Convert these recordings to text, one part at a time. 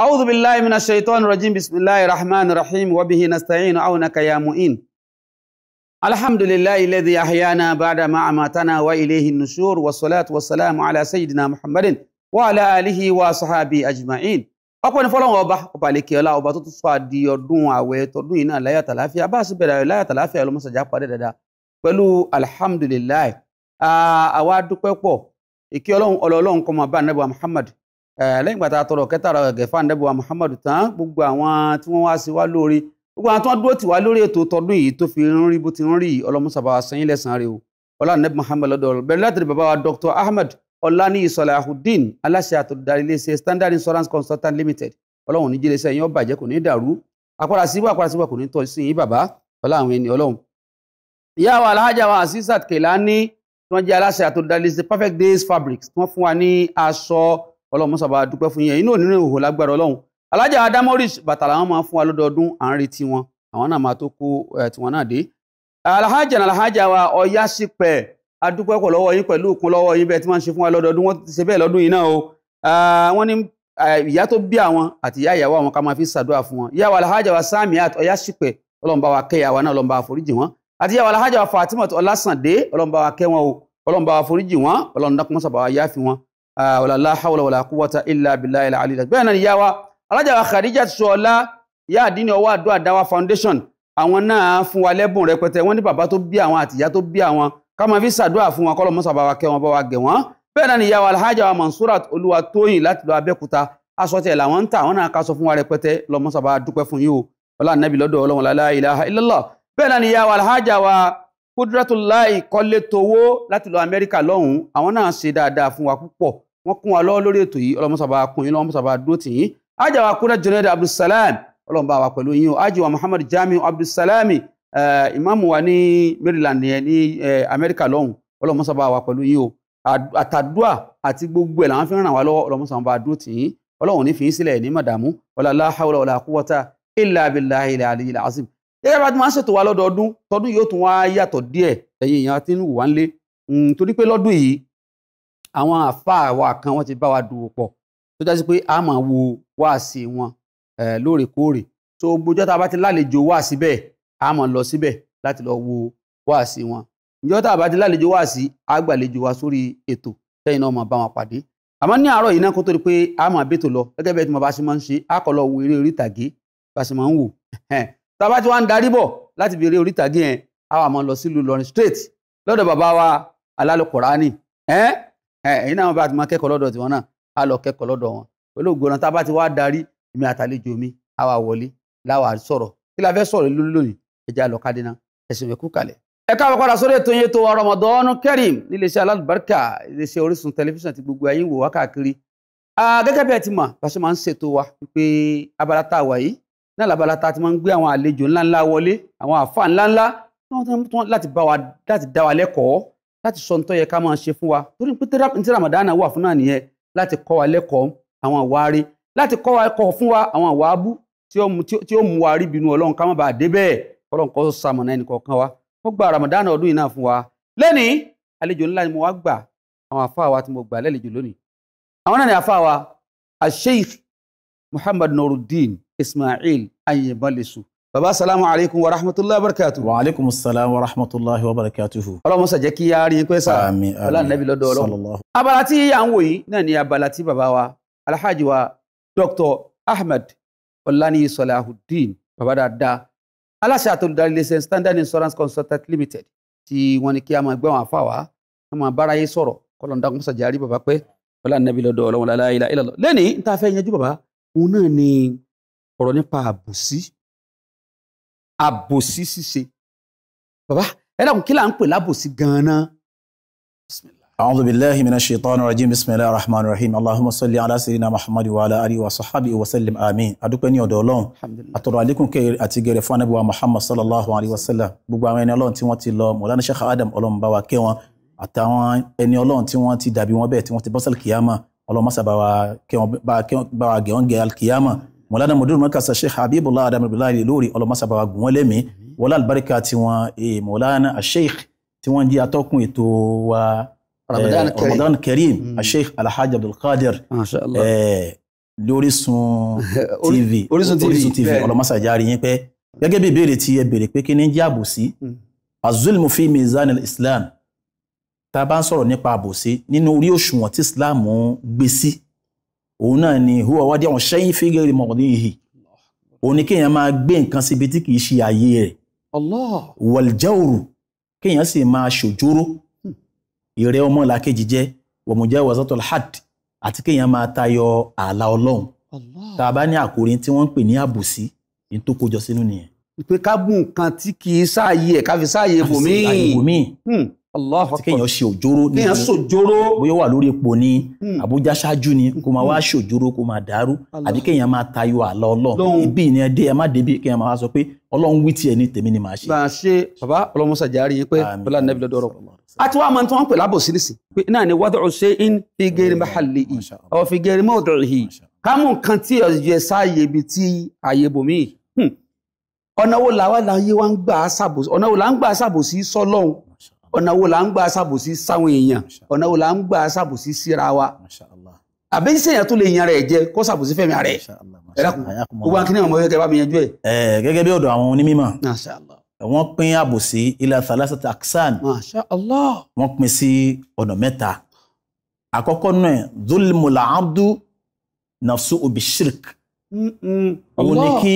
أعوذ بالله من الشيطان الرجيم بسم الله الرحمن الرحيم وبه نستعين عونك يا معين الحمد لله الذي أحيانا بعد ما أماتنا وإليه النشور والصلاة والسلام على سيدنا محمد وعلى آله وصحبه أجمعين ọpẹ́ ní fọ́lọ́run ọba ọba àlekè ọlá ọba tó tún sọ àdì ọdún ààwẹ̀ tọdún yìí náà láyàtà láfíà bá a sì bẹ̀rẹ̀ láyàtà láfíà ọlọmọsàjà padà dáadáa pẹ̀lú alihamudulilayi ah, àwa dúpẹ́ pọ̀ èké Ọlọ́run ọlọ Ọlọ́run kọ máa bá anabi Muhammad lẹ́yìn gbàtà tọrọ kẹta rẹ gẹ̀fà nẹ́bùwà Muhammad tán gbogbo àwọn tí wọ́n wá sí wá lórí gbogbo àwọn tí wọ́n dúró tì wá lórí ètò tọdún yìí tó fi ń rí bó ti ń rí ọlọ́mùsàbà sẹ́yìn lẹ́sàn-án rẹ o ọlá nẹ́bù Muhammad lọ́dọ̀ bẹ̀rẹ̀ láti rí bàbá wa Dr Ahmed ọ̀làní Salahuddin aláṣẹ àtòdarí iléeṣẹ́ Standard Insurance Consultant Limited ọlọ́run ní jílẹ̀ sẹ́yìn ọba àjẹ́ kò ní dàrú àpárá síbà àpárá síbà kò ní tọ́ sí yín bàbá ọlá àwọn ẹni ọlọ́run. ìyá wa alhaja wa Asisat Kelani tí wọ́n jẹ́ aláṣẹ àtòdarí iléeṣẹ́ Perfect Days Fabrics tí wọ́n fún wa ní aṣọ ọlọ́run mọ́sàbá dúpẹ́ fún yẹn inú òní rìn òhò lágbára ọlọ́run alájà adamoris bàtà làwọn máa fún wa lọ́dọọdún à ń retí wọn àwọn náà máa tó kó tiwọn náà dé alahajà náà alahajà wa ọ̀yá sípẹ̀ adúpẹ́ pọ̀ lọ́wọ́ yín pẹ̀lú òkun lọ́wọ́ yín bẹ́ẹ̀ tí wọ́n ṣe fún wa lọ́dọọdún wọ́n ti ṣe bẹ́ẹ̀ lọ́dún yìí náà o wọ́n ní ìyá tó bí àwọn àti ìyá ìyàwó àwọn ká máa fi ṣàdúrà fún wọn ìyá wa alahajà wa Samiat ọ̀yá sípẹ̀ ọlọ́mọba wa kẹ́ ìyàwó náà ọlọ́mọba wa Fatima ọlásàndé ọlọ́mọba wa kẹ́ wọn o ọlọ́mọba àforíjì wọn ọlọ́run dákun Ah, wàlá hawla wàlá quwwata illa billahi al-ali bẹ́ẹ̀ náà ni yá wa alájà Khadija Ṣọlá ìyá àdínní ọwọ́ àdó àdáwà foundation àwọn náà fún wa lẹ́bùn rẹpẹtẹ wọ́n ní bàbá tó bí àwọn àtìyá tó bí àwọn ká máa fi ṣàdúrà fún wọn kọ́lọ̀ mọ́sà bá wa kẹ́ wọn bá wa gẹ̀ wọ́n bẹ́ẹ̀ náà ni ìyá wa alhaja olúwa tóyìn láti lọ Abẹ́òkúta aṣọ làwọn ń tà àwọn náà ká sọ fún wa rẹpẹtẹ lọ́mọ́sà bá dúpẹ́ fún yín o ọlá kúdúrátùláì kọ́lé towó láti lọ amẹ́ríkà lọ́hùn-ún àwọn náà ṣe dáadáa fún wa púpọ̀ wọ́n kún wa lọ́wọ́ lórí ètò yìí ọlọ́mọsàbà kun yín ọlọ́mọsàbà dúró tì yín ájà wa kúrẹ́ jẹ́nẹ́dà abdulsalam ọlọ́mọba wa pẹ̀lú yín o ájì wa muhammad jamiu abdulsalami eh, ìmáàmù wa ní maryland yẹn ní eh, amẹ́ríkà lọ́hùn-ún ọlọ́mọsàbà wa pẹ̀lú yín o àtàdúà àti gbogbo ẹ̀ làwọn fi ràn wá lọ́wọ́ ọlọ́mọsàbà dúró tì gẹ́gẹ́ bá ti máa ń ṣètò wa lọ́dọọdún tọdún yóò tún wá yàtọ̀ díẹ̀ ẹ̀yin èèyàn ti ń wù wá ń lé hmm, torí pé lọ́dún yìí àwọn àfáà wa kan wọ́n ti bá wa dùn pọ̀ tó jásí pé a máa wo wáàsí wọn lóòrèkóòrè tó gbójọ́ tá a bá ti lálejò wáàsí bẹ́ẹ̀ a máa lọ síbẹ̀ láti lọ wo wáàsí wọn ìjọ́ tá a bá ti lálejò wáàsí a gbàlejò wa sórí ètò tẹ́yìn náà máa bá wọn pàdé àmọ́ ní àárọ̀ yìí náà kó tó di pé a máa bètò lọ gẹ́gẹ́ bẹ́ẹ̀ tí mo bá ṣe máa ń ṣe a kọ́ lọ wo eré orí ìtàgé bá ṣe máa ń wò tàbá tí wàá ń darí bọ̀ láti bèrè orí ìtàgé yẹn àwọn àmọ́ lọ sílùú lọrin straight lọ́dọ̀ bàbá wa alálùkùránì ẹ́ ẹ́ ẹ̀yin náà bá ti máa kẹ́kọ̀ọ́ lọ́dọ̀ tiwọn náà á lọ kẹ́kọ̀ọ́ lọ́dọ̀ wọn pẹ̀lú ògbóná tá a bá ti wá darí èmi àtàlejò mi àwa wọlé láwa sọ̀rọ̀ kí la fẹ́ sọ̀rọ̀ lórí lónìí ẹja lọ kádínà ẹ̀sìn ẹ̀kú kalẹ̀. ẹ káàbọ̀ padà sórí ètò yẹn tó wa Ramadan Kareem níléeṣẹ́ alálùbáríkà iléeṣẹ́ Orísun tẹlifíṣàn ti gbogbo ayé ń wò wá káàkiri. gẹ́gẹ́ bí ẹ ti mọ̀ bá ṣe máa ń ṣètò wa pé abala tá a wà yìí náà labala ta ti máa ń gbé àwọn àlejò ńláńlá wọlé àwọn àfáà ńláńlá láti bá wa láti dá wa lẹ́kọ̀ọ́ láti sọ nítorí yẹ máa ṣe fún wa torí pé tí Ramadan wà fún náà nìyẹn láti kọ́ wa lẹ́kọ̀ọ́ àwọn àwárí láti kọ́ wa kọ́ fún wa àwọn àwábú tí ó mú wa rí bínú Ọlọ́run ká má bàa dé bẹ́ẹ̀ Ọlọ́run kó ṣamọ̀nà ẹnì kọ̀ọ̀kan wa wọ́n gba Ramadan ọdún yìí náà fún wa lẹ́nìí àlejò ńlá ni mo wá gbà àwọn àfáà wa tí mo gbà lálejò lónìí àwọn náà ni àfáà wa Sheikh Muhammad Nuruddin ismail ayébálẹ̀sù baba salamu alaikum wa rahmatulahi wa barakatuhu. wa alaikum salam wa rahmatulahi wa barakatuhu. ọlọ́mọ sàjẹ́ kí a rí pẹ́ sá ọlọ́nàbí lọ́dọ̀ ọlọ́mọ. abala tí à ń wò yìí náà ni abala tí baba wa alhaji wa dr ahmed ọ̀lànìyí sọláhùdín baba dáadáa aláṣẹ standard insurance consultant limited tí wọ́n ní kí a máa gbé àwọn àfa wa a máa bára yé sọ̀rọ̀ kọlọ̀ndà kò àrí baba pẹ́ ọlọ́nàbí lọ́dọ̀ ọlọ́mọ lálẹ́ ilà ilà lọ lẹ́ni tá a fẹ́ yanjú baba òun náà ni ọ̀rọ̀ nípa àbòsí àbòsí ṣíṣe bàbá ẹ dàkún kí là ń pè lábòsí gan-an. أعوذ بالله من الشيطان الرجيم بسم الله الرحمن الرحيم اللهم صل على سيدنا محمد وعلى آله وصحبه وسلم آمين adúpẹ́ ní ọ̀dọ̀ Ọlọ́run atọrọ àlékún kẹ́ àti gẹ̀rẹ̀ fún Ànábì wa Muhammad sallallahu alaihi wasallam gbogbo àwọn ẹni Ọlọ́run tí wọ́n ti lọ Mawlana Sheikh Adam Ọlọ́run bá wa kẹ́ wọn àtàwọn ẹni Ọlọ́run tí wọ́n ti dàbí wọn bẹ́ẹ̀ tí wọ́n ti bọ́sẹ̀ kìyàmà Ọlọ́run má ṣe bá wa gẹ̀ wọn gẹ̀ alkìyàmà mọ̀lánà mọ̀dúrù mọ́kàsá sheikh habibullah adamabila lórí ọlọ́mọ́sábàwá gùn wọ́n lẹ́mí wọlá àlùbáríkà tiwọn eh, mọ̀lánà sheikh tí wọ́n jẹ́ atọ́kùn ètò wa eh, ramadan kareem hmm. sheikh alhaji abdulkadir eh, lórí sun tv orísun tv ọlọ́mọ́sá járe yín pẹ́ gẹ́gẹ́ bí ìbéèrè tí ẹ béèrè pé kí ni jẹ́ àbòsí hmm. azulmu fi mizan islam tá a bá ń sọ̀rọ̀ nípa àbòsí nínú orí òṣùwọ̀n tí islam gbé sí òun náà ni huwa wadi àwọn ṣẹ́yí fígẹ̀rì mọ̀ọ́dún yìí òun ni kéèyàn máa gbé nǹkan síbi tí kìí ṣe ààyè rẹ̀ wọ̀lìjáòrù kéèyàn sì máa ṣòjóró hmm. ìrẹ́ ọmọ làkejì jẹ́ wọ̀mùjẹ́ wọ̀sátọ̀ had àti kéèyàn máa tayọ ààlà ọlọ́run tá a bá ní àkórí tí wọ́n ń pè ní àbòsí ní tó kójọ sínú nìyẹn. pé ká bù nǹkan tí kìí ṣààyè ẹ̀ ká fi ṣààyè ibòmíì hmm àti kéèyàn ṣe òjóró ní ìlú bóyá wà lórí epo ní hmm. Àbújá ṣáájú ni kó máa wá hmm. ṣe òjóró kó máa dàrú àbí kéèyàn máa tayọ àlọ Ọlọ́run ibi ìní ẹdẹ ẹ má débi kéèyàn máa sọ pé Ọlọ́run wí tiẹ̀ ní tèmi ni màá ṣe. màá ṣe bàbá ọlọmọsà jàre yín pé bọlá nẹbi lọ́dọ̀ ọ̀rọ̀ a ti wá máa ń tún wọn pè lábò sílẹsì pé náà ni wàdùn ṣe ń fi gẹrin bá halẹ yìí ọ fi gẹrin mọ́ ọ̀dọ̀ yìí kámú nǹkan tí ọ̀yẹ̀ sáàyè ibi tí àyè bòmíì hmm. ọ̀nà wo làwa la yé wa ń gbà á ṣàbòsí ọ̀nà wo là ń gbà á ṣàbòsí sọ́lọ́hún ọ̀nà wo là ń gba aṣàbòsí sáwọn èèyàn ọ̀nà wo là ń gba aṣàbòsí síra wa àbí ń sèyàn tó lè yan rẹ̀ jẹ kó ṣàbòsí fẹ̀mí rẹ̀ gbogbo akínní ọmọ yẹn kẹ bá mi yanjú ẹ. Eh, gẹ́gẹ́ bí ọ̀dọ̀ àwọn onímọ̀ wọ́n pín àbòsí ila thalasata aksan wọ́n pín sí ọ̀nà mẹ́ta àkọ́kọ́ náà zulmul abdu nafsu obi shirk òun ni kí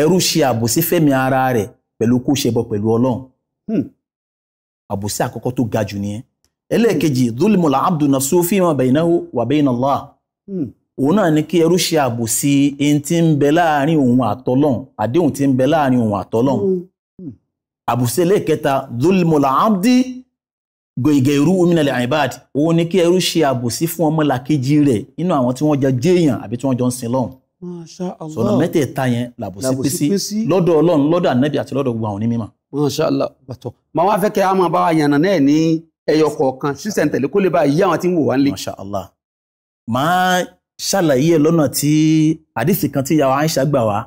ẹrú ṣe àbòsí fẹ̀mí ara rẹ̀ pẹ̀lú kó ṣẹbọ pẹ̀lú ọlọ́run. Hmm àbòsí àkọ́kọ́ tó ga jù nìyẹn ẹlẹ́ẹ̀kejì dúlùmọ̀lá abdu nafsu fima baynahu wa bayna Allah hmm. òun náà ni kí ẹrú ṣe àbòsí ẹni tí ń bẹ láàrin òun àtọ́lọ́hun àdéhùn tí ń bẹ láàrin òun àtọ́lọ́hun hmm. hmm. àbòsí ẹlẹ́ẹ̀kẹta dúlùmọ̀lá abdi gègèrú minal ibad òun ni kí ẹrú ṣe àbòsí fún ọmọlàkejì rẹ̀ nínú àwọn tí wọ́n jọ jéèyàn àbí tí wọ́n jọ ń sin lọ́hùn sọ̀nà mẹ́tẹ̀ẹ̀ta yẹn làbòsí pèsè lọ́dọ̀ ọlọ́run lọ́dọ̀ ànábì àti lọ́dọ̀ gbogbo àwọn onímọ̀ mọ́ṣáláà bàtọ̀ màá wá fẹ́ kẹ́ a máa bá wa yànnà náà ní ẹyọ kọ̀ọ̀kan sísẹ̀ntẹ̀lé kó lè bá yí àwọn tí ń wò wá ń lé. mọ́ṣáláà màá ṣàlàyé ẹ lọ́nà tí àdìsí kan tí ìyá wa Aisha gbà wá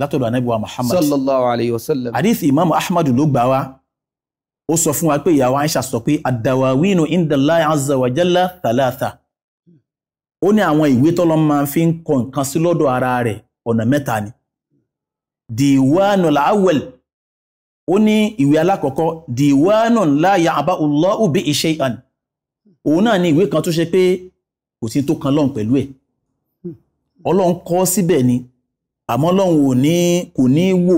látọ̀dọ̀ anábì wa Muhammad sallallahu alayhi wa sallam àdìsí imaamu Ahmadu ló gbà wá ó sọ fún wa pé ìyá wa Aisha sọ pé àdàwàwínú indallahi azza wa ó ní àwọn ìwé tọ́lọ́ máa fi ń kọ nǹkan sí lọ́dọ̀ ara rẹ̀ ọ̀nà mẹ́ta ni diwaanul awwal ó ní ìwé alákọ̀ọ́kọ́ diwanun la ya'ba'u Allahu bihi shay'an òun náà ni ìwé kan tó ṣe pé kò sí tó kan lọ́hùn pẹ̀lú ẹ̀ ọlọ́run kọ́ síbẹ̀ ni àmọ́ ọlọ́run ò ní kò ní wò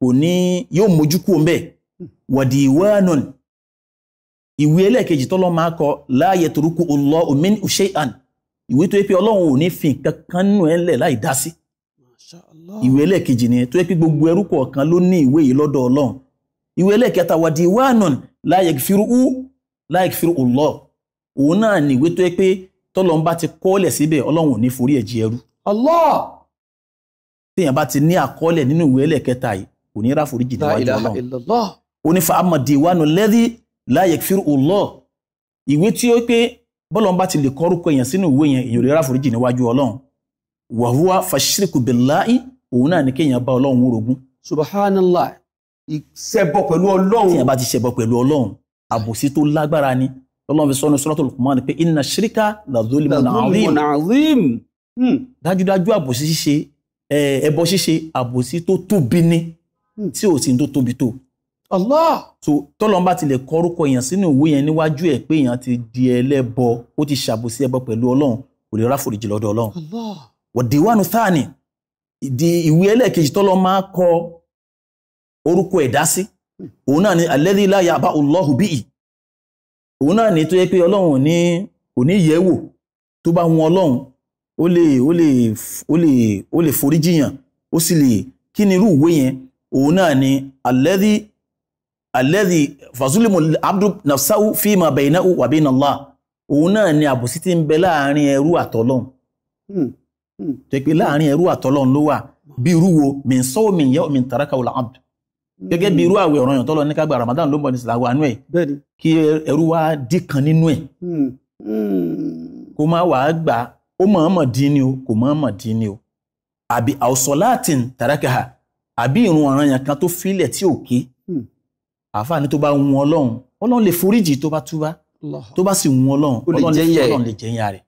kò ní yóò mójú kú ń bẹ̀ wa diwanun ìwé ẹlẹ́ẹ̀kejì tọ́lọ́ máa kọ la yatruku Allahu minhu shay'an ìwé tó yẹ pé ọlọ́run ò ní fi nǹkan kan nù ẹ́ lẹ̀ láì dá sí ìwé ẹlẹ́ẹ̀kejì nìyẹn tó yẹ kí gbogbo ẹrú kọ̀ọ̀kan ló ní ìwé yìí lọ́dọ̀ ọlọ́run ìwé ẹlẹ́ẹ̀kẹta wà di wánùn la yakfiru la yakfiru Allah òun náà ní ìwé tó yẹ pé tọ́lọ́run bá ti kọ́ọ̀lẹ̀ síbẹ̀ ọlọ́run ò ní forí ẹ̀jì ẹrú. Allah téèyàn bá ti ní àkọọ́lẹ̀ nínú ìwé ẹlẹ́ẹ̀kẹta yìí kò ní rá foríjì níwájú ọlọ́run ó di fa amma diwanu alladhi la Allah ìwé tí ó pé bọ́lọ́run bá ti lè kọ́rúkọ èèyàn sínú ìwé yẹn èèyàn ò lè rá wàhúwá fàṣírìkù billahi òun náà ní kéèyàn bá ọlọ́run orogún. subhanallah ìṣẹbọ pẹ̀lú ọlọ́run. tíyẹn bá ti ṣẹbọ pẹ̀lú ọlọ́run àbòsí tó lágbára ni ọlọ́run fi sọ́nu suratul Luqman pé inna shirka la dhulmun hmm. dájúdájú àbòsí ṣíṣe ẹbọ ṣíṣe àbòsí tó tóbi ni hmm. tí ò sí tó tóbi tó. so tọ́lọ́n bá tilẹ̀ kọ́rúkọ èèyàn sínú ìwé yẹn níwájú ẹ̀ pé èèyàn ti di ẹlẹ́bọ ó ti ṣàbòsí ẹbọ pẹ̀lú ọlọ́run kò lè ráfòrìjì lọ́dọ̀ ọlọ́run wọ̀díwánu thani ìdí ìwé ẹlẹ́ẹ̀kejì tọ́lọ́ máa kọ orúkọ ẹ̀dá sí òun náà ni alẹ́dí láyà bá ọlọ́hùn bíi òun náà ni tó yẹ pé ọlọ́run ní kò ní yẹ̀wò tó bá wọn ọlọ́run ó lè ó lè ó lè forí jiyàn ó sì lè kí ni irú ìwé yẹn òun náà ni alẹ́dí alẹ́dí fasulimu abdu nafsahu fíìmà bẹ̀yìnà wàbí òun náà ni àbòsí ti ń bẹ láàrin ẹrú àtọ́lọ́run. Hmm. Hmm. jẹ́ pé láàrin ẹrú àtọ́lọ́n ló wà bí irú wo min sọ́ min yẹ́ min taraka wal abd gẹ́gẹ́ bí irú àwẹ̀ ọ̀ranyàn tọ́lọ́ ní kágbà Ramadan ló ń bọ̀ ní sàlàwọ̀ àánú ẹ̀ kí ẹrú wa dí kan nínú ẹ̀ hmm. Hmm. kó má wàá gbà ó mọ̀ọ́mọ̀ dín ni o kò mọ̀ọ́mọ̀ dín ni o àbí àwòsọ̀láàtìn ha àbí ìrun ọ̀ranyàn kan tó filẹ̀ tí ò ké àfààní tó bá wun ọlọ́run ọlọ́run lè foríjì tó bá túbá tó bá sì wun ọlọ́run ọlọ́run lè jẹ́yà rẹ̀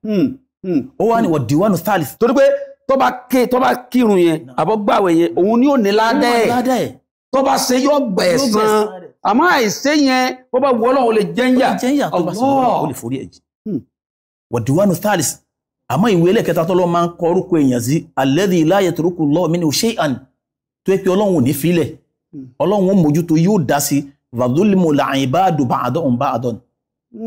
Hmm. ó wá ní wọ́n diwanu thalith. torí pé tó bá ké tó bá kírun yẹn àbọ̀ gbàwẹ̀ yẹn òun ni ó ní ládẹ́ ẹ̀ tó bá ṣe yọ gbẹ̀san àmọ́ àìṣe yẹn bó bá wọ́ lọ́wọ́ lè jẹ́ńyà ọ̀gbọ́n. Hmm. wọ́n diwanu thalith àmọ́ ìwé ẹlẹ́kẹta tọ́lọ́ máa ń kọ orúkọ èèyàn sí alladhi la yatruku Allahu minhu shay'an tó yẹ pé ọlọ́run ò ní filẹ̀ hmm. ọlọ́run ó mójútó yóò dá sí vazulmu làyìnbá àdùbà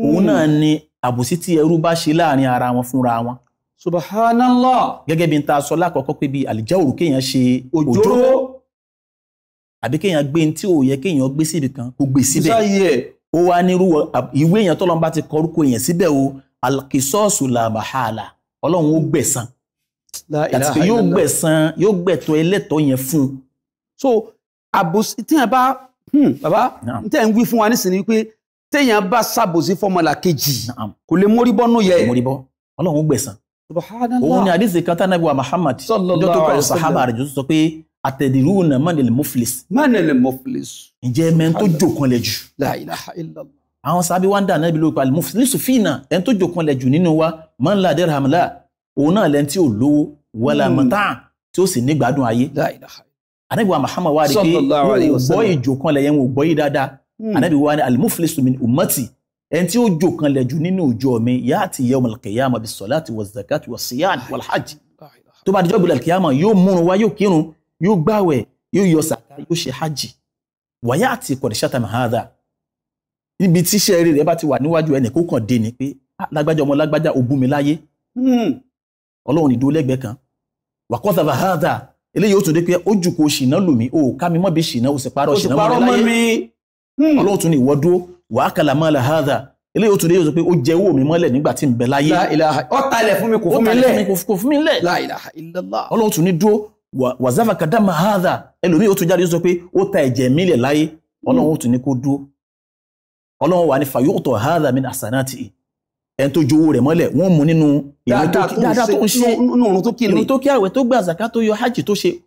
òun náà ni àbòsí tí ẹrú bá ṣe láàrin ara wọn fúnra wọn. subhanallah. gẹ́gẹ́ bí n ta sọ lákọ̀ọ́kọ́ pé bí àlìjá òrù kéèyàn ṣe òjòrò àbí kéèyàn gbé ní tí ò yẹ kéèyàn gbé síbi kan kó gbé síbẹ̀ ó wá nírú ìwé èèyàn tọ́lọ́n bá ti kọrúkọ èèyàn síbẹ̀ o alkisọ́ọ̀sù làbàhálà ọlọ́run ó gbẹ̀san àti pé yóò gbẹ̀san yóò gbẹ̀tọ́ ẹlẹ́tọ́ yẹn fún un. so àbòsí tí yẹn téèyàn bá ṣàbòsí fọmọlà kejì kò lè mórí bọ́nú yẹ. mórí bọ́ ọlọ́run ó gbẹ̀san. òun ni àdìsí kan tánàbí wa Muhammad ọjọ́ tó kọ́ sàhábà rẹ̀ jù sọ pé àtẹ̀dìrú nà mọ́nìlì muflis. mọ́nìlì muflis. ǹjẹ́ mẹ́rin tó jòkan lẹ̀ jù. la ilaha illallah. àwọn sábẹ́ wa ń dà nábì lópa muflisu fínà ẹni tó jòkan lẹ̀ jù nínú wa man la dirham la òun náà lẹ́ni tí ò lówó wala hmm. mata' tí ó sì ní gbádùn ayé. la ilaha. ànábì wa Muhammad wa rí pé wọ́n gbọ́ ìjòkan lẹ̀ yẹn wọ́n gbọ́ yìí dáadáa anabi hmm. wa ni alimufilisu min umati ẹni tí ó jò kan lẹ́jù nínú ìjọ mi yá àti ìyá ọmọ alkiyama bi sọláàtì wa zakati wa siyan wa alhaj tó bá dijọ́ bí alkiyama yóò múrun wá yóò kírun yóò gbàwẹ̀ yóò yọ sàkà yóò ṣe hajj wa yá àti kọ̀díṣàtà mahadà níbi tí iṣẹ́ rere bá ti wà níwájú ẹnì kó kàn dé ni pé ah, lágbájá ọmọ lágbájá ó mi láyé hmm. ọlọ́run ìdúró lẹ́gbẹ̀ẹ́ kan wà kọ́ sábà hádà eléyìí ó tún dé pé ó jù ṣìnà lù mí ká mi mọ́ bí ṣìnà ó sì parọ́ ṣìnà mọ́ láyé Hmm. ọlọ́run tún ní ìwọ dúró wàá kàlà máa là hádà eléyìí ó tún léyìí ó sọ pé ó jẹ owó mi mọ́lẹ̀ nígbà tí ń bẹ láyé ó talẹ̀ fún mi kò fún mi lẹ̀ kò fún mi lẹ̀ ọlọ́run tún ní dúró wàzáfà kàdámà hádà ẹlòmíì ó tún jáde ó sọ pé ó ta ẹ̀jẹ̀ mi lẹ̀ láyé ọlọ́run ó tún ní kó dúró ọlọ́run wà ní fàyóòtọ̀ hádà mi àsànàtì ẹni tó jowó rẹ̀ mọ́lẹ̀ wọ́n mú nínú ìrìn tó kí àwẹ̀ tó gbà zàká tó yọ hajj tó ṣe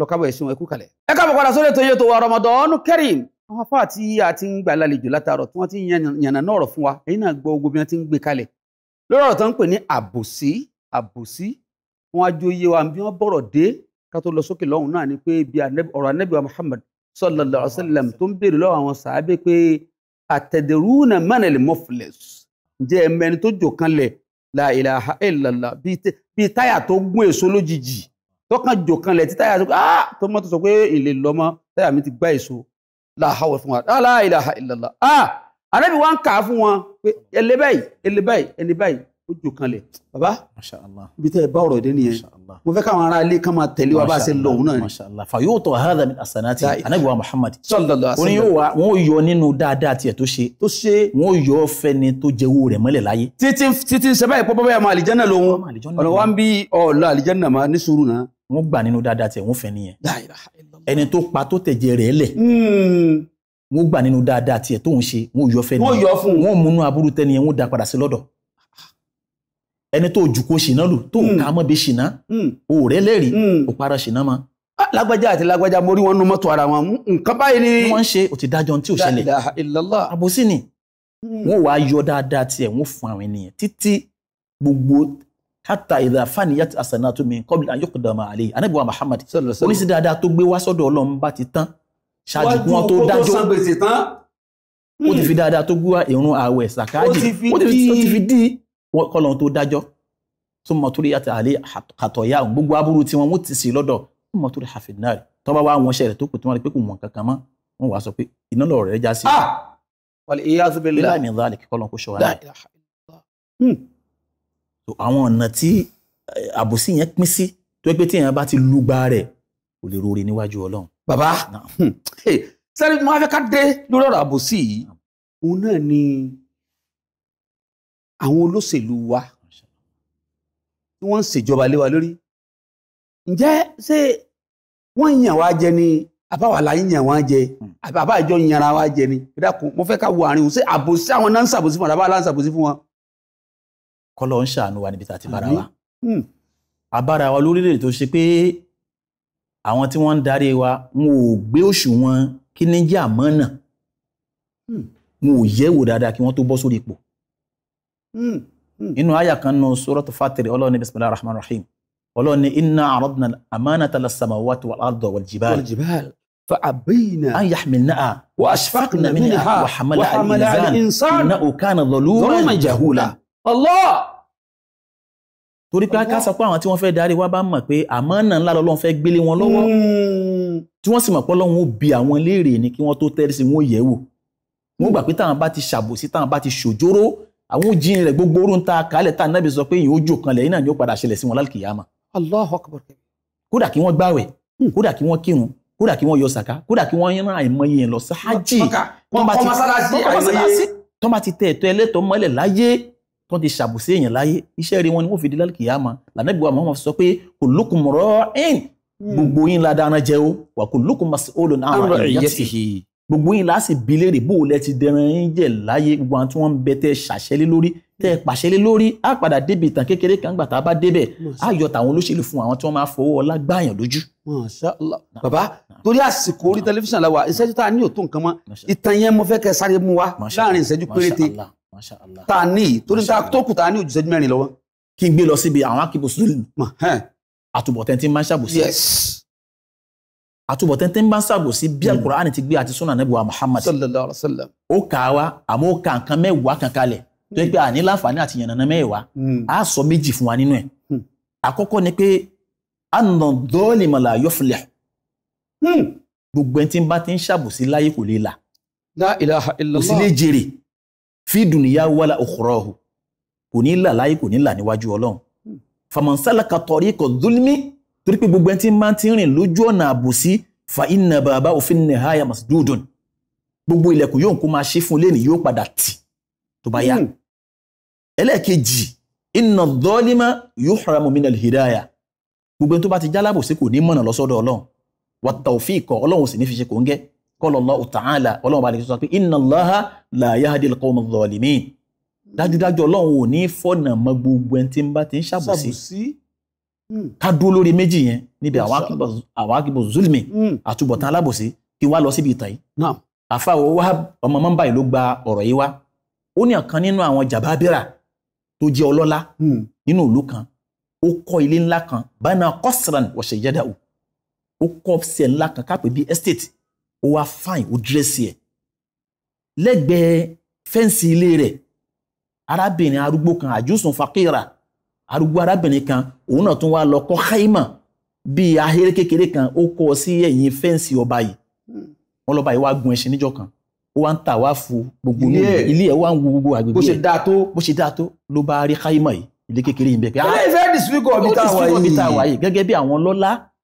lọ kábọ̀ ẹ̀sùn ẹ̀kú kalẹ̀. ẹ káàbọ̀ padà sórí ètò yẹn tó wa Ramadan Kareem àwọn afá àti àti ń gbà lálejò látàárọ̀ tí wọ́n ti yànnà náà ọ̀rọ̀ fún wa èyí náà gbọ́ ogun bí wọ́n ti ń gbé kalẹ̀ lórí ọ̀rọ̀ tó ń pè ní àbòsí àbòsí wọn á jó iye wa bí wọ́n bọ̀rọ̀ dé ká tó lọ sókè lọ́hùn náà ni pé bí ọ̀rọ̀ anábì Muhammad sallallahu alaihi wasallam tó ń béèrè lọ́wọ́ àwọn sàábé pé àtẹ̀dẹ̀rúnà manal muflis ǹjẹ́ ẹ̀mẹ́ni tó jò kanlẹ̀ la ilaha illallah bíi táyà tó gún èso tọkàn jò kan lẹ̀ tí táyà sọ pé ah tó mọ́ tó sọ pé ìlè lọ́mọ táyà mi ti gbá èso làhàwọ̀ fún wa la ilaha illallah ah anábì wa ń kà á fún wọn pé ẹlẹ báyìí ẹlẹ báyìí ẹni báyìí ó jò kan lẹ̀ bàbá ibi tẹ́ ẹ bá ọ̀rọ̀ dé nìyẹn mo fẹ́ káwọn ará ilé kan máa tẹ̀lé wa bá a ṣe lọ òun náà ni. fayóòtọ̀ hadha min asanati anábì wa muhammad oní yóò wá wọn ò yọ nínú dáadáa tiẹ̀ tó ṣe tó ṣe wọn ò yọ fẹni tó jẹ́wọ́ rẹ̀ mọ́lẹ̀ láyé. títí títí sẹ́bàá ìpọ́pọ́ bẹ́ẹ̀ máa àlìjánná lòun ọ̀nà wa ń bí ọ̀ọ́lọ́ àlìjánná máa ní sùúrù náà wọ́n gbà nínú dáadáa tiẹ̀ wọ́n fẹ́ nìyẹn ẹni tó pa tó tẹ̀jẹ̀ rẹ̀ lẹ̀ hmm. wọ́n gbà nínú dáadáa tiẹ̀ tó ń ṣe wọ́n yọ fẹ́ nìyẹn wọ́n múnú aburú tẹ́ nìyẹn wọ́n da padà sí lọ́dọ̀ ẹni tó jù kó ṣìnà lù tó hmm. ká mọ́ bí ṣìnà hmm. òòrẹ́ lẹ́rìí ò para ṣìnà mọ́ ah, lágbájá àti lágbájá mo rí wọn nu mọ́tò ara wọn nǹkan báyìí ni. wọ́n ń ṣe ò ti dájọ́ tí ò ṣẹlẹ̀ àbòsí ni wọ́n wàá yọ dáadáa tiẹ̀ wọ́n fún àwọn ènìyàn títí gbogbo hata ìdá faniyat asanatu min kọ́bìlì ayọ́kùdàmà àlè anábìwá muhammad oníṣì dáadáa tó gbé wá sọ́dọ̀ ọlọ́run bá ti tán ṣáájú kí wọ́n tó dájọ́ ó ti fi dáadáa tó gbé wá ìrun ààwẹ̀ sàkáàjì ó ti fi dí kọ́lọ́run tó dájọ́ tó mọ̀tòrí yàtọ̀ àlè àtọ̀yà gbogbo aburú tí wọ́n mú ti sí lọ́dọ̀ tó mọ̀tòrí hafidnari tó bá wá wọn ṣẹlẹ̀ tó kù tí wọ́n rí pé kò wọ̀n kankan mọ́ wọ́n wàá sọ pé iná lọ̀rọ̀ rẹ̀ já sí. wàlẹ̀ iye azubẹ́lẹ̀ àwọn ọ̀nà tí eh, àbòsí yẹn pín sí tó yẹ pé téèyàn bá ti lùgbà rẹ̀ kò lè roore níwájú ọlọ́run. bàbá hmm, sẹ́ni mo fẹ́ ká dé lórí ọ̀rọ̀ àbòsí yìí òun náà ni àwọn olóṣèlú wa tí wọ́n ń ṣèjọba lé wa lórí ǹjẹ́ ṣé wọ́n yàn wá jẹ ni àbáwá la yàn wá jẹ hmm. àbá àjọ yanra wá jẹ ni ẹ dákun mo fẹ́ ká wo àárín òun ṣé àbòsí àwọn náà ń ṣàbòsí fún wọn àbáwá la ń ṣàbòsí fún wọn kọ́lọ́ ń ṣàánú wa níbi tá a ti bára wa hmm. abára wa lórílẹ̀ tó ṣe pé àwọn tí wọ́n ń darí wa wọn ò gbé òṣùwọ̀n kí ní jẹ́ àmọ́nà hmm. wọn ò yẹ̀wò dáadáa kí wọ́n tó bọ́ sórí ipò hmm. inú àyà kan nù suratu Fatir Ọlọ́run ní bisimilahi rahman rahim Ọlọ́run ní inna aradna al-amanata lis-samawati wal-ardi wal-jibali فعبينا أن يحملنها وأشفقنا منها وحملها الإنسان إنه كان ظلوما جهولا Allah torí pé ká sọ pé àwọn tí wọ́n fẹ́ darí wa bá mọ̀ pé àmánà ńlá lọ́lọ́run fẹ́ gbélé wọn lọ́wọ́ hmm. tí wọ́n sì mọ̀ pé Ọlọ́run ó bi àwọn léèrè ni kí wọ́n tó tẹrí sí wọn ó yẹ̀ wò wọ́n gbà pé táwọn bá ti ṣàbòsí táwọn bá ti ṣòjóró àwọn òjìyìn rẹ̀ gbogbo orun ta kálẹ̀ tá nábì sọ pé ìyẹn ó jò kanlẹ̀ yìí náà ni ó padà ṣẹlẹ̀ sí wọn lálùkìyàmà. Allahu Akbar tó ti ṣàbùsí èèyàn láyé iṣẹ́ rí wọn ni wọ́n fi di lálùkìyàmá lànàbí wa Muhammad sọ pé kullukum ra'in hmm. gbogbo yín la dáná jẹ o wà kullukum mas'ulun 'an ra'iyyatihi gbogbo yín láti bi léèrè bó o lẹ ti dẹran yín jẹ láyé gbogbo àwọn tí wọ́n ń bẹ tẹ́ ṣàṣẹlé lórí tẹ́ pàṣẹlé lórí á padà débi ìtàn kékeré kan gbà tá a bá débẹ̀ á yọ tàwọn olóṣèlú fún àwọn tí wọ́n máa fowó ọlá gbààyàn lójú. bàbá torí àsìkò orí tẹlifíṣàn la wà ìṣẹ́jú tá a ní òtún nǹkan mọ́ ìtàn yẹn mo fẹ́ kẹ́ sáré mú wa láàrin ìṣẹ́jú péréte ta ní torí ta tó kù ta ní ojú ìṣẹ́jú mẹ́rin lọ́wọ́. kí n gbé lọ síbi àwọn akíbo sùúrù àtúbọ̀tán tí ń bá ń ṣàbòsí. àtúbọ̀tán tí ń bá ń ṣàbòsí bí hmm. alukur'ani ti gbé àti sunna nebuwa muhammad. sallallahu alaihi wa ó kà á wa àmọ́ ó ka nǹkan mẹ́wàá kan kalẹ̀ tó yẹ pé àní láǹfààní àti yànnàná mẹ́wàá á hmm. sọ méjì fún wa nínú ẹ̀. Hmm. àkọ́kọ́ ni pé anna dhaliman la yuflih. gbogbo ẹni tí ń bá ti ń ṣàbòsí láyé kò lè là. la ilaha illallah. kò sí lè jèrè fi dùnìyà wàlà òkúrọ̀hù kò ní là láyé kò ní là níwájú ọlọ́run hmm. fàmọ̀nsálàkà tọ̀rí kò dúlmí torí pé gbogbo ẹni tí máa ti rìn lójú ọ̀nà àbòsí fa iná bàbá òfin nìhaya masjúdùn gbogbo ilẹ̀kùn yóò kó máa ṣe fún lẹ́nu yóò padà tì tó bá yá hmm. ẹlẹ́ẹ̀kejì iná dọ́ọ́límà yóò haramu min alhidaya gbogbo ẹni tó bá ti jálábòsí kò ní mọ̀nà lọ́sọ́dọ̀ ọlọ́run wàtà òfin ọlọ́run sì ní fi ṣe kò ń gẹ́ qala Allahu ta'ala ọlọ́run bá ní sọ pé inna Allaha la yahdi al-qawma adh-dhalimin dájúdájú ọlọ́run ò ní fọ̀nà mọ gbogbo ẹni tí ń bá ti ń ṣàbòsí hmm. ká dúró lórí méjì yẹn níbi àwọn akíbo zulmi hmm. àtúbọ̀tán alábòsí kí wá lọ síbi ìtàn yìí. àfa àwọn Wahab ọmọ mọ́mbà yìí ló gba ọ̀rọ̀ yìí wá ó ní ọ̀kan nínú àwọn jàbábírà tó jẹ́ ọlọ́lá hmm. nínú ìlú kan ó kọ́ ilé ńlá kan bana qasran wa shayyadahu ó kọ́ ṣe ńlá kan kápẹ́ bíi estate ó wá fine o dírẹ́sì ẹ̀ lẹ́gbẹ̀ẹ́ fẹ́ǹsì ilé rẹ̀ arábìnrin arúgbó kan àjùsùn fàkìrà arúgbó arábìnrin kan òun náà tún wá lọ kọ́ haima bíi ahéré kékeré kan ó kọ́ sí ẹ̀yìn fẹ́ǹsì ọba yìí wọ́n lọ́ba yìí wá gun ẹṣin níjọ́ kan ó wá ń tà wá fún gbogbo ilé ẹ̀ wá ń wo gbogbo àgbègbè ẹ̀ bó ṣe dáa tó bó ṣe dáa tó ló bá rí haima yìí ilé kékeré yìí bẹ́ẹ̀ kẹ́ ẹ́ ẹ́ fẹ́ẹ́ dìsúwìkọ̀ ọ̀bí tá gẹ́gẹ́ bí àwọn lọ́lá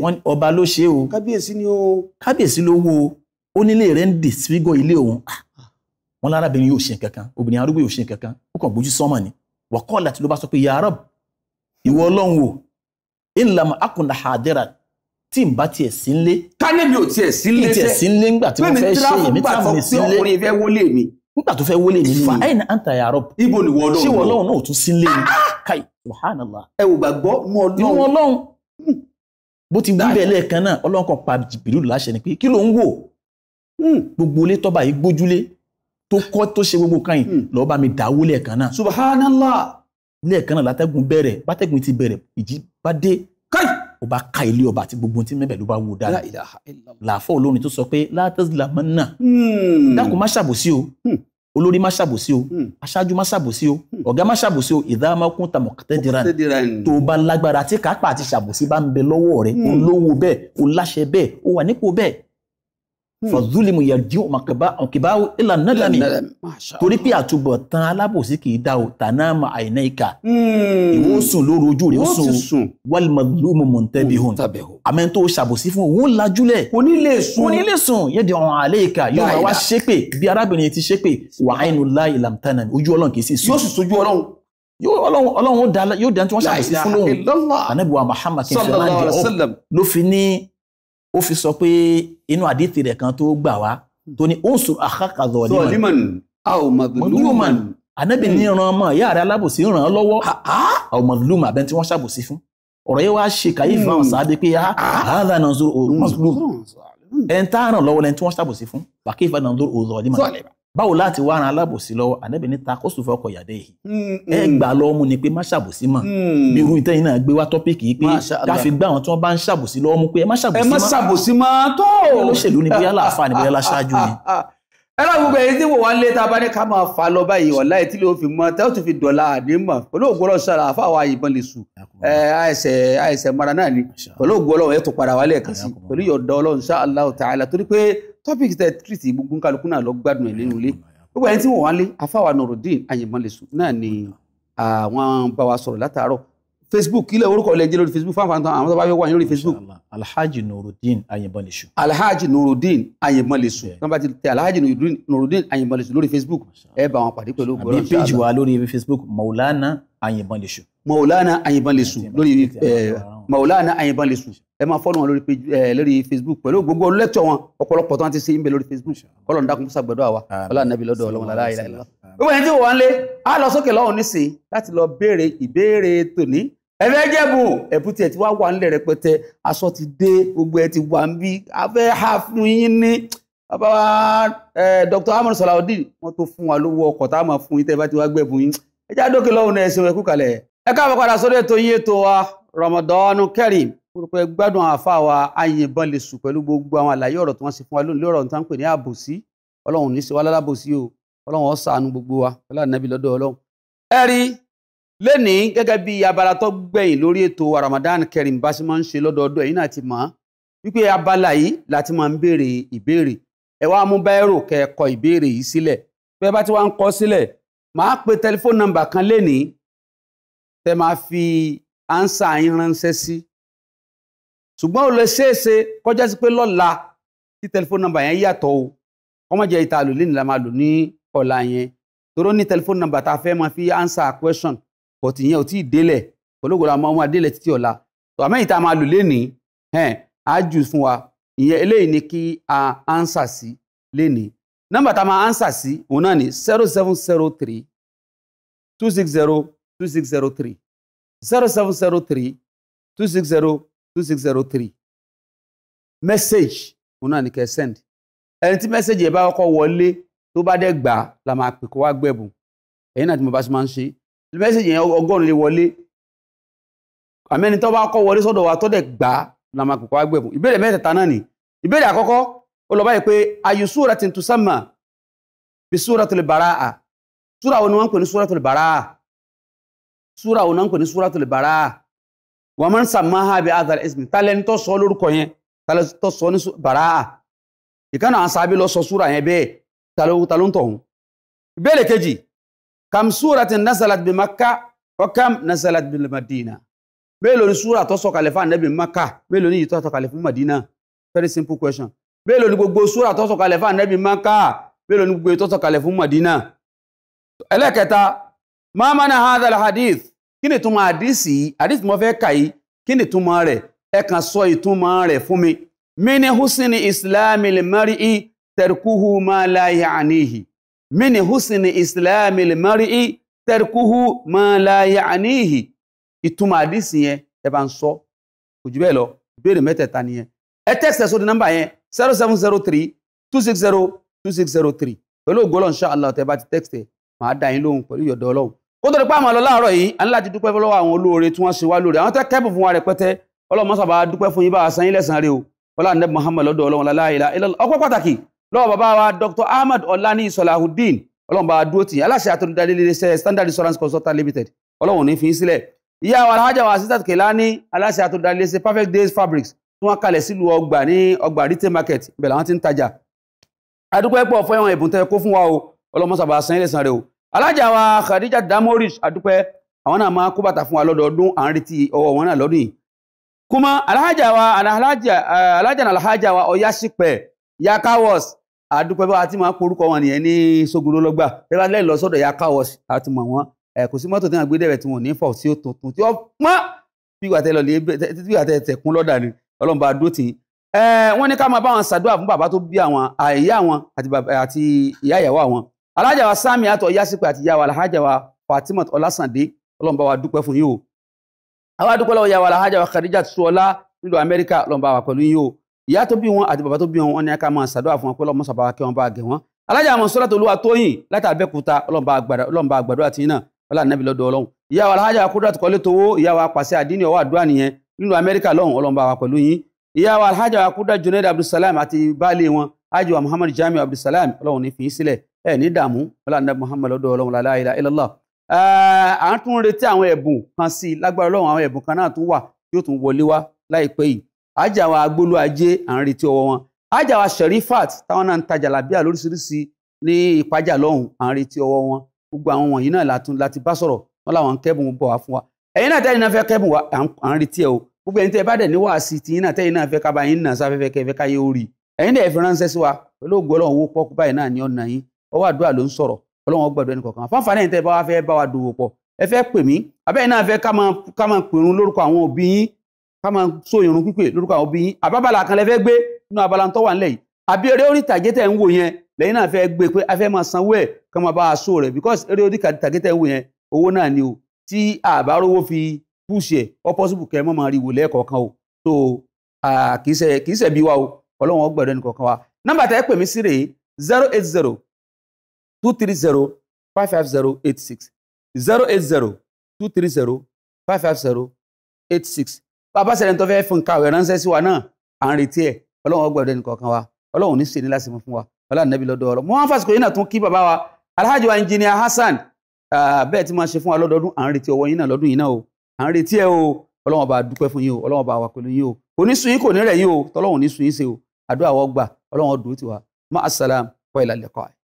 wọn ọba ló ṣe o kábíyèsí ni o kábíyèsí ló wó o ó nílé rẹ̀ ń dè sígọ́ ilé òun ah! wọn lárábìnrin yóò ṣe kankan obìnrin arúgbó yóò ṣe kankan ó kàn gbójú sánmọ̀ ni wàkọ́ọ̀lá tí ló bá sọ pé ya Rabb ìwọ ọlọ́run o ìlànà akùnà àdẹ́rà tí n bá tiẹ̀ sí nlé. kálẹ̀ mi ò tiẹ̀ sí nlé tẹ́ tiẹ̀ sí nlé ńgbà tí mo fẹ́ ṣe èmi tí mo sí nlé ọkùnrin fẹ́ wọlé mi. nígbà tó fẹ́ wọlé mi fa ẹ̀yìn náà ń ta ya Rabb. ibo ni wọ́n ọlọ́run ṣé wọ́n ọlọ́run náà ò tún sí nlé ni. Ah! kai subhanallah. ẹ ò gbàgbọ́ mú ọlọ́run bó ti wí bẹ́ẹ̀ lẹ́ẹ̀kan náà ọlọ́run kan pa Jibril láṣẹ ni pé kí ló ń wò hmm. gbogbo ilé tọ́ba yìí gbójúlé tó kọ́ tó ṣe gbogbo kan yìí hmm. lọ́ọ́ bá mi dáwó lẹ́ẹ̀kan náà. subhanallah. lẹ́ẹ̀kan náà látẹ́gùn bẹ̀rẹ̀ bátẹ́gùn ti bẹ̀rẹ̀ ìjì bá dé káì o bá ka ilé ọba àti gbogbo tí mẹ́bẹ̀ ló bá wò dáadáa. làáfọ̀ olórin tó sọ pé látẹ́sílámánà hmm. dákun má ṣàbòsí o olórí má ṣàbòsí o hmm. aṣáájú má ṣàbòsí o hmm. ọ̀gá má ṣàbòsí o ìdáàmọkún tàmọkàtẹdìran tó bá lágbára tí kápá àti ṣàbòsí bá ń bẹ lọ́wọ́ rẹ̀ hmm. olówó bẹ́ẹ̀ o láṣẹ bẹ́ẹ̀ o wà nípò bẹ́ẹ̀ fọ̀zúlìmù yẹ̀dín ọ̀kìbáwò ìlà nádàmì torí pé àtúbọ̀ tán alábòsí kì í dá o tànáàmà àìná ìka ìwọ sùn lóru ojú rẹ̀ ó sùn wàlmọ̀lúmù mọ̀ntẹ́bihùn àmẹ́ tó ṣàbòsí fún òun lajúlẹ̀ onílé sùn onílé sùn yẹ́dì ọ̀hún àlẹ́ ìka yóò máa wá ṣépè bí arábìnrin ti ṣépè wà áìnú láì làmtánà ojú ọlọ́run kì í sì sùn yóò sì sojú ọlọ́run yóò dá tí wọ́n ṣàbòsí fún lóhùn ànábì wa Muhammad kì í sọ ó fi sọ pé inú àdìtì rẹ̀ kan tó gbà wá tó ní unsur akhaka zaliman aw madluman ànábì ní ran mọ́ ìyá rẹ̀ alábòsí ràn án lọ́wọ́ aw madluman abẹ́ni tí wọ́n ṣàbòsí fún ọ̀rọ̀ yẹn wá ṣe kàyéfì fáwọn hmm. sáábì pé ah, hadha nanzur hmm. mazlum ẹni tá ràn lọ́wọ́ lẹni tí wọ́n ṣàbòsí fún wàkífà nanzur zaliman báwo láti wá ran alábòsí lọ́wọ́ ànábì ní ta kó sùfọ́ ọkọ̀ yàdé yìí mm-hmm. ẹ gbà lọ́wọ́ mú ni pé má ṣàbòsí mọ̀ bí mm-hmm. irú ìtẹ́yìn náà gbé wá tọ́píìkì yìí pé káfí gbá àwọn tí wọ́n bá ń ṣàbòsí lọ́wọ́ mú pé ẹ má ṣàbòsí mọ́ ẹ má ṣàbòsí mọ́ tó. olóṣèlú ni bóyá láàfáà ni bóyá láṣáájú ni. ẹ lọ́wọ́ gbogbo èyí tí wò wá lé tá a bá ní ká máa fa lọ báyìí ọ̀la ẹ̀ tí ló fi mọ tẹ́ ó ti fi dọ̀la àdémọ̀ pẹ̀lú Allah ta'ala torí pé topics tẹ tírìtì gbogbo kálukú náà lọ gbádùn ẹ̀ nínú ilé gbogbo ẹni tí wọ́n wá lé afáwa nurudeen ayimọ̀lẹ̀sùn náà ni àwọn bá wa sọ̀rọ̀ látàárọ̀ facebook ilẹ̀ orúkọ ilẹ̀ jẹ́ lórí facebook fáwọn àwọn tó bá fẹ́ wà lórí facebook. alhaji nurudeen ayimọ̀lẹ̀sùn. alhaji nurudeen ayimọ̀lẹ̀sùn tí wọ́n bá ti tẹ alhaji nurudeen ayimọ̀lẹ̀sùn lórí facebook ẹ bá wọn pàdé pẹ̀lú gbọ́dọ̀ àbí péjì wa lórí facebook maulana ayimọ̀lẹ̀sùn. maulana ayimọ̀lẹ̀sùn lórí eh, maulana ayimọ̀lẹ̀sùn ẹ máa fọ́nù wọn lórí eh, lórí facebook pẹ̀lú gbogbo lẹ́kítọ̀ wọn ọ̀pọ̀lọpọ̀ tó wọn ti ṣe ń bẹ lórí facebook kọ́lọ̀ ń dákun sàgbẹ̀dọ̀ àwa ọlọ́run nàbí lọ́dọ̀ ọlọ́run làlá ìlà ìlà. gbogbo ẹni tí wọ́n lé á lọ sókè lọ́hùn nísìn láti lọ béèrè ìbéèrè tòní ẹ̀fẹ́ jẹ́bùn ẹ̀bùn tiẹ̀ ti wá wà nílẹ̀ rẹpẹtẹ aṣọ ti dé gbogbo ẹ ti wà ń bí afẹ́ ha fún yín ní bàbá wa dr a máa ti wá gbẹ̀bùn yín ẹ já dókè lọ́hùn náà ẹ ṣeun ẹ kú kalẹ̀ ẹ káàbọ̀ padà sórí Ramadan Kareem orúkọ gbádùn àwọn àfáàwà Ayinban Lésù pẹ̀lú gbogbo àwọn àlàyé ọ̀rọ̀ tí wọ́n ṣe fún wa lónìí lọ́rọ̀ tán pè ní àbòsí ọlọ́run ní ṣe wá lálábòsí o ọlọ́run ó ṣàánú gbogbo wa ọlọ́run nàbí lọ́dọ̀ ọlọ́run. ẹ rí lẹ́ni gẹ́gẹ́ bí abala tó gbẹ̀yìn lórí ètò Ramadan Kareem bá ṣe máa ń ṣe lọ́dọọdún ẹ̀yin náà ti mọ̀ wípé abala yìí láti máa ń béèrè ìbéèrè ẹ wá mú báírò kẹ́ kọ ìbéèrè yìí sílẹ̀ bí bá ti wá ń kọ sílẹ̀ màá pe tẹlifóònù nọ́mbà kan lẹ́ni tẹ máa fi ánsà yín ránṣẹ́ sí ṣùgbọ́n o lè ṣeéṣe kọjá sí pé lọ́la tí tẹlifóònù nọ́mbà yẹn yàtọ̀ o ọmọ jẹ́ ìta àlò lẹ́nu la máa lò ní ọ̀la yẹn toró ní tẹlifóònù nọ́mbà tá a fẹ́ máa fi answer question but ìyẹn ò tí ì délẹ̀ ológo la máa délẹ̀ títí ọ̀la tó àmẹ́yìn tá a máa lò lẹ́nìí á jù fún wa ìyẹn eléyìí ni kí a answer sí lẹ́nìí nọ́mbà tá a máa answer sí òun náà ni zero seven zero three two six zero two six zero three zero seven zero three two six zero two six zero three message òun náà ni kẹ́ send ẹni tí message yẹn bá kọ́kọ́ wọlé tó bá dẹ̀ gbà la máa pè kó wá gbẹ̀bùn ẹ̀yin náà tí mo bá ṣe máa ń ṣe message yẹn ọgọ́rùn-ún lè wọlé àmì ẹni tó bá kọ́ wọlé sọ́dọ̀ wa tó dẹ̀ gbà la máa pè kó wá gbẹ̀bùn ìbéèrè mẹ́tẹ̀ẹ̀ta náà ni ìbéèrè àkọ́kọ́ ó lọ báyìí pé ayu suratin tusamma bi suratul baraa súra wo ni wọ́n ń pè ní suratul baraa súra wo ni wọ́n ń pè ní suratul baraa wọ́n máa ń sàmáhà bí azal ismi tálẹ́ni tó sọ lórúkọ yẹn tálẹ́ni tó sọ ní bàráà ìkànnà àwọn sábẹ́ lọ sọ súra yẹn bẹ́ẹ̀ taló ń tọ̀hún. ìbéèrè kejì kam súra ti nasalat bi maka wa nasalat bi madina mélòó ni súra tó sọ̀kalẹ̀ fún anabi maka mélòó ni yìí tó sọ̀kalẹ̀ fún madina very simple question mélòó ni gbogbo súra tó sọ̀kalẹ̀ fún anabi maka mélòó ni gbogbo tó sọ̀kalẹ̀ fún madina. ẹlẹ́kẹta máa mana hadha hadith kí ni ìtumọ̀ àdìsí àdìsí mo fẹ́ kà yìí kí ni ìtumọ̀ rẹ̀ ẹ kàn sọ ìtumọ̀ rẹ̀ fún mi mini husni islami limari'i tẹ̀rkuhu ma la ya'nihi mini husni islami limari'i tẹ̀rkuhu ma la ya'nihi ìtumọ̀ àdìsí yẹn ẹ bá ń sọ kò jù bẹ́ẹ̀ lọ ìbéèrè mẹ́tẹ̀ẹ̀ta nìyẹn ẹ tẹ́kisẹ̀ sódì nọ́mbà yẹn zero seven zero three two six zero two six zero three pẹ̀lú ògbólọ̀ insha tẹ́ bá ti tẹ́kisẹ̀ màá dá yín lóhùn pẹ̀lú ìyọ̀dọ̀ ọlọ́run kó tó di pé àmọ́ lọ láàárọ̀ yìí a ní láti dúpẹ́ fọlọ́wọ́ àwọn olóore tí wọ́n ṣe wá lóore àwọn tẹ́ kẹ́bù fún wa rẹpẹtẹ ọlọ́mọ sábà dúpẹ́ fún yín bá a yín lẹ́sàn-án rẹ o wọlé àná Muhammad lọ́dọ̀ ọlọ́wọ́n láláìlá ọpẹ́ pàtàkì lọ́wọ́ bàbá wa Dr Ahmad Ọ̀làní Salahuddin ọlọ́run bá dúró tì yín aláṣẹ àtọ́nudalé Standard Insurance Consultant Limited ọlọ́run ní fi í sílẹ̀ ìyá wa alhaja Perfect Days Fabrics tí wọ́n kalẹ̀ sílùú ọgbà market ibẹ̀ làwọn ti ń tajà adúpẹ́ pọ̀ fún ẹ̀wọ̀n ẹ̀bùn tẹ́ alájà wa Khadija Damoris adúpẹ́ àwọn náà máa kó bàtà fún wa lọ́dọọdún à ń retí ọwọ́ wọn náà lọ́dún yìí kuma alájà wa alájà alájà náà alájà wa ọ̀yáṣípẹ̀ yakawos adúpẹ́ bá wa ti máa porúkọ wọn nìyẹn ní sógun lọ́gbà tẹ́lá lẹ́yìn lọ sọ́dọ̀ yakawos àti mọ̀ wọn kò sí mọ́tò tí wọ́n gbé dẹ̀rẹ̀ tí wọ́n ní fọ̀ sí òtútù tí wọ́n pọ́n bí wà tẹ́ lọ lé bí wà tẹ́ tẹ̀kún lọ́dà ni ọlọ́run bá dúró tì wọ́n ní ká máa bá wọn ṣàdúrà fún bàbá tó bí àwọn àìyá wọn àti ìyá ìyàwó àwọn alájà wa sami àtọ̀ yásípẹ́ àti yàwá alájà wa fatima ọlásàndé ọlọ́mọba wa dúpẹ́ fún yín o àwa dúpẹ́ lọ́wọ́ yàwá alájà wa khadija tuola nílùú amẹ́ríkà ọlọ́mọba wa pẹ̀lú yín o ìyá tó bí wọn àti bàbá tó bí wọn wọn ní ká máa ṣàdúrà fún wọn pé ọlọ́mọ sàbà kí wọn bá gẹ̀ wọn alájà àwọn sọ́lá tó lúwa tóyìn láti abẹ́kúta ọlọ́mọba àgbàdo àti iná ọlá nàbí lọ́dọ̀ ọlọ́run ìyá wa alájà kúdúrà tó kọ́lé towó ìyá wa pàṣẹ àdínì ọwọ́ àdúrà nìyẹn nílùú amẹ́ríkà lọ́hùn ọlọ́mọba wa pẹ̀lú yín ìyá wa alájà kúdúrà junaid abdulsalam àti baálé wọn ajwa muhammad jamiu abdulsalam ọlọ́run ní fi í sílẹ̀ ẹ ní dààmú ọlọ́run muhammed lọ́dọ̀ ọlọ́run la ilaha illallah à ń tún retí àwọn ẹ̀bùn kan sí i lágbára ọlọ́run àwọn ẹ̀bùn kan náà tún wà yóò tún wọlé wá láìpẹ́ yìí àjàwà agbólú ajé à ń retí ọwọ́ wọn àjàwà sherifat táwọn náà ń tajà làbíà lóríṣiríṣi ní ìpájà lọ́hùn à ń retí ọwọ́ wọn gbogbo àwọn wọ̀nyí náà látún láti bá sọ̀rọ̀ wọn làwọn kẹ́bùn bọ̀ wá fún wa ẹ̀yin náà tẹ́yìn náà fẹ́ kẹ́bùn wa à ń retí ẹ o gbogbo ẹni tẹ́ bá dẹ̀ ní wàásì tìyín náà tẹ́yìn náà fẹ́ kábàáyín náà sáfẹ́fẹ́ kẹfẹ́ káyé ó ẹ̀yin náà ẹ fi ránṣẹ́ sí wa pẹ̀lú ògbọ́lọ́hún owó pọ́kú báyìí náà ní ọ̀nà yín ọwọ́ àdúrà ló ń sọ̀rọ̀ ọlọ́run ọgbàdo ẹnì kọ̀ọ̀kan fáfáà náà tẹ́ bá wá fẹ́ bá wa dòwò pọ̀ ẹ fẹ́ pè mí abẹ́yìn náà fẹ́ ká máa pèrún lórúkọ àwọn òbí yín ká máa so ìrun pípè lórúkọ àwọn òbí yín àbábàlà kan lẹ fẹ́ gbé nínú abala tó wà nílẹ̀ yìí àbí eré orí tàgé ń wò yẹn lẹ́yìn náà fẹ́ gbé pé a fẹ́ máa sanwó ẹ̀ ká máa bá a so rẹ̀ because eré orí tàgé ń wò yẹn owó náà ni o tí àbá rówó fi púùsì ẹ̀ ọ pọ́sibù kẹ́ mọ́ máa rí wò lẹ́ẹ̀kọ̀ọ̀kan o so kì í ṣe bí wa o ọlọ́run ọgbẹ̀rẹ̀ nìkọ̀ọ̀kan wa nọ́mbà tẹ́ pè mí sí rèé zero eight zero two three zero five five zero eight six zero eight zero two three zero five five zero eight six bàbá sẹ̀rẹ̀ tó fẹ́ fún kàwé ránṣẹ́ sí wa náà à ń retí ẹ̀ ọlọ́run ọgbọ̀dọ̀ ẹnì kọ̀ọ̀kan wa ọlọ́run ní sèní láti mú fún wa ọlọ́run nẹ́bí lọ́dọ̀ ọ̀rọ̀ mo wá fàṣikò yìí náà tún kí bàbá wa alhaji wa engineer Hassan bẹ́ẹ̀ tí máa ṣe fún wa lọ́dọọdún à ń retí ọwọ́ yín náà lọ́dún yìí náà o à ń retí ẹ o ọlọ́run ọba dúpẹ́ fún yín o ọlọ́run ọba wà pẹ̀lú yín o kò ní sun yín kò ní rẹ̀ yín o tọ́lọ́run ní sun yín ṣe o àdúrà wọ́n gbà ọlọ́run dùn tiwa ma assalam wa ilal liqa